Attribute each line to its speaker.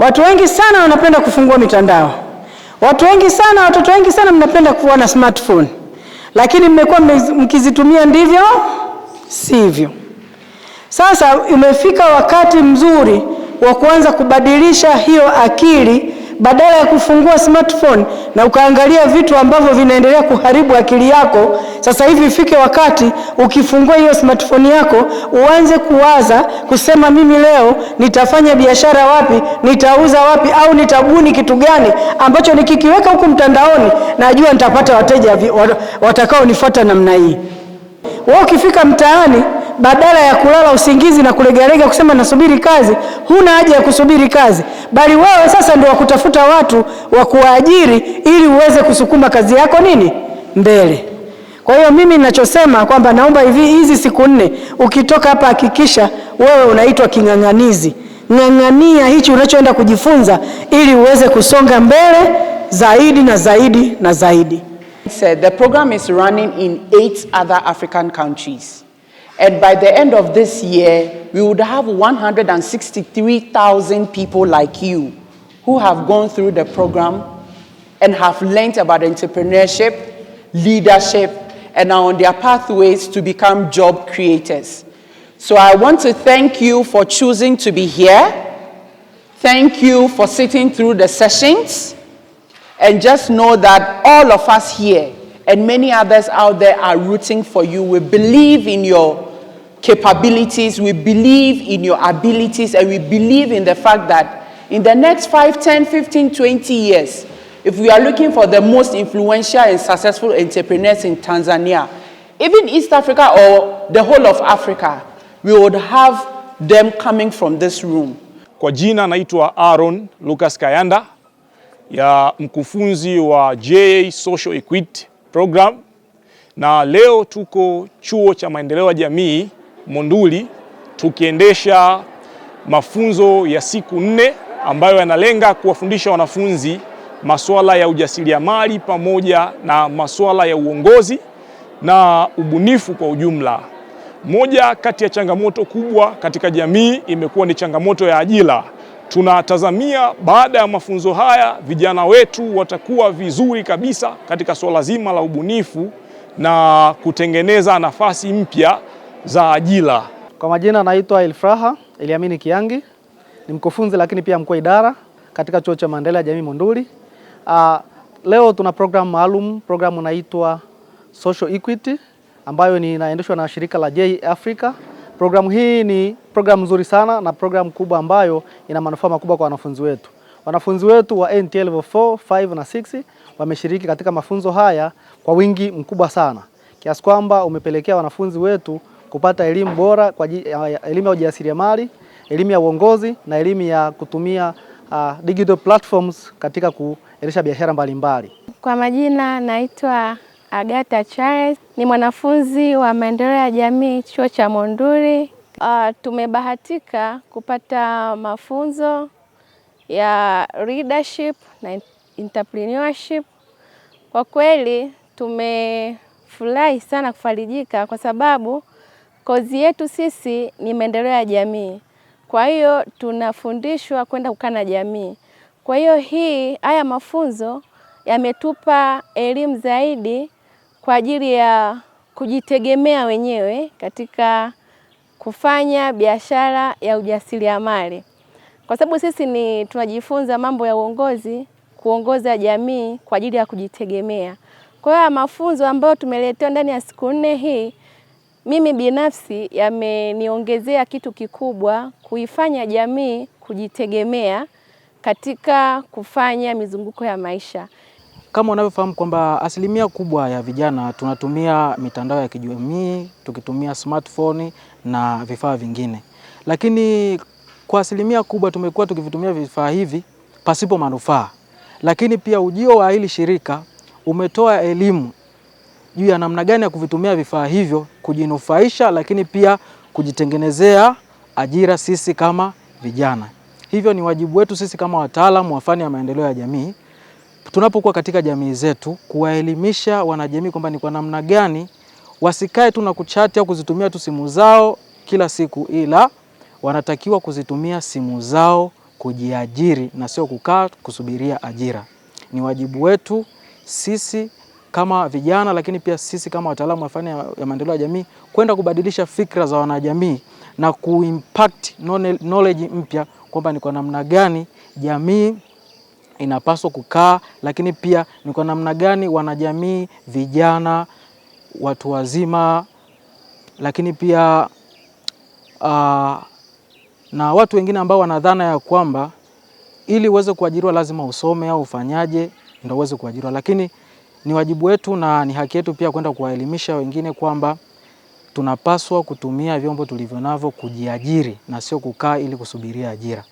Speaker 1: Watu wengi sana wanapenda kufungua mitandao, watu wengi sana, watoto wengi sana mnapenda kuwa na smartphone, lakini mmekuwa mkizitumia ndivyo sivyo. Sasa imefika wakati mzuri wa kuanza kubadilisha hiyo akili badala ya kufungua smartphone na ukaangalia vitu ambavyo vinaendelea kuharibu akili yako. Sasa hivi ifike wakati ukifungua hiyo smartphone yako uanze kuwaza kusema, mimi leo nitafanya biashara wapi, nitauza wapi, au nitabuni kitu gani ambacho nikikiweka huku mtandaoni najua nitapata wateja watakao nifuata namna hii. Wewe ukifika mtaani badala ya kulala usingizi na kulegalega kusema nasubiri kazi, huna haja ya kusubiri kazi, bali wewe sasa ndio wakutafuta watu wa kuwaajiri ili uweze kusukuma kazi yako nini mbele. Kwa hiyo mimi ninachosema kwamba naomba hivi, hizi siku nne ukitoka hapa, hakikisha wewe unaitwa king'ang'anizi. Ng'ang'ania hichi unachoenda kujifunza ili uweze kusonga mbele zaidi na zaidi na zaidi.
Speaker 2: Said the program is running in eight other African countries. And by the end of this year, we would have 163,000 people like you who have gone through the program and have learned about entrepreneurship, leadership, and are on their pathways to become job creators. So I want to thank you for choosing to be here. Thank you for sitting through the sessions. And just know that all of us here and many others out there are rooting for you. We believe in your capabilities, we believe in your abilities, and we believe in the fact that in the next 5, 10, 15, 20 years, if we are looking for the most influential and successful entrepreneurs in Tanzania, even East Africa or the whole of Africa, we would have them coming from this room.
Speaker 3: Kwa jina naitwa Aaron Lucas Kayanda ya mkufunzi wa JA Social Equity Program, na leo tuko chuo cha maendeleo ya jamii Monduli tukiendesha mafunzo ya siku nne ambayo yanalenga kuwafundisha wanafunzi masuala ya ujasiriamali pamoja na masuala ya uongozi na ubunifu kwa ujumla. Moja kati ya changamoto kubwa katika jamii imekuwa ni changamoto ya ajira. Tunatazamia baada ya mafunzo haya vijana wetu watakuwa vizuri kabisa katika suala zima la ubunifu na kutengeneza nafasi mpya za ajira.
Speaker 4: Kwa majina naitwa Elfraha Eliamini Kiangi, ni mkufunzi lakini pia mkuu idara katika chuo cha maendeleo ya jamii Monduli. Uh, leo tuna program maalum, program inaitwa Social Equity ambayo ni inaendeshwa na shirika la J Africa. Programu hii ni program nzuri sana na program kubwa ambayo ina manufaa makubwa kwa wanafunzi wetu. Wanafunzi wetu wa NTA level 4, 5 na 6 wameshiriki katika mafunzo haya kwa wingi mkubwa sana kiasi kwamba umepelekea wanafunzi wetu kupata elimu bora kwa elimu ya ujasiriamali, elimu ya uongozi na elimu ya kutumia uh, digital platforms katika kuendesha biashara mbalimbali.
Speaker 5: Kwa majina naitwa Agatha Charles, ni mwanafunzi wa maendeleo ya jamii chuo cha Monduli. Uh, tumebahatika kupata mafunzo ya leadership na entrepreneurship. Kwa kweli tumefurahi sana kufarijika kwa sababu kozi yetu sisi ni maendeleo ya jamii, kwa hiyo tunafundishwa kwenda kukaa na jamii. Kwa hiyo hii haya mafunzo yametupa elimu zaidi kwa ajili ya kujitegemea wenyewe katika kufanya biashara ya ujasiriamali, kwa sababu sisi ni tunajifunza mambo ya uongozi, kuongoza jamii kwa ajili ya kujitegemea. Kwa hiyo mafunzo ambayo tumeletewa ndani ya siku nne hii mimi binafsi yameniongezea kitu kikubwa, kuifanya jamii kujitegemea katika kufanya mizunguko ya maisha.
Speaker 6: Kama unavyofahamu kwamba asilimia kubwa ya vijana tunatumia mitandao ya kijamii tukitumia smartphone na vifaa vingine, lakini kwa asilimia kubwa tumekuwa tukivitumia vifaa hivi pasipo manufaa. Lakini pia ujio wa hili shirika umetoa elimu juu ya namna gani ya kuvitumia vifaa hivyo kujinufaisha, lakini pia kujitengenezea ajira sisi kama vijana. Hivyo ni wajibu wetu sisi kama wataalamu wa fani ya maendeleo ya jamii tunapokuwa katika jamii zetu kuwaelimisha wanajamii kwamba ni kwa namna gani wasikae tu na kuchati au kuzitumia tu simu zao kila siku, ila wanatakiwa kuzitumia simu zao kujiajiri na sio kukaa kusubiria ajira. Ni wajibu wetu sisi kama vijana, lakini pia sisi kama wataalamu wa fani ya maendeleo ya jamii kwenda kubadilisha fikra za wanajamii na kuimpact knowledge mpya kwamba ni kwa namna gani jamii inapaswa kukaa, lakini pia ni kwa namna gani wanajamii, vijana, watu wazima, lakini pia uh, na watu wengine ambao wana dhana ya kwamba ili uweze kuajiriwa lazima usome au ufanyaje ndio uweze kuajiriwa, lakini ni wajibu wetu na ni haki yetu pia kwenda kuwaelimisha wengine kwamba tunapaswa kutumia vyombo tulivyonavyo kujiajiri na sio kukaa ili kusubiria ajira.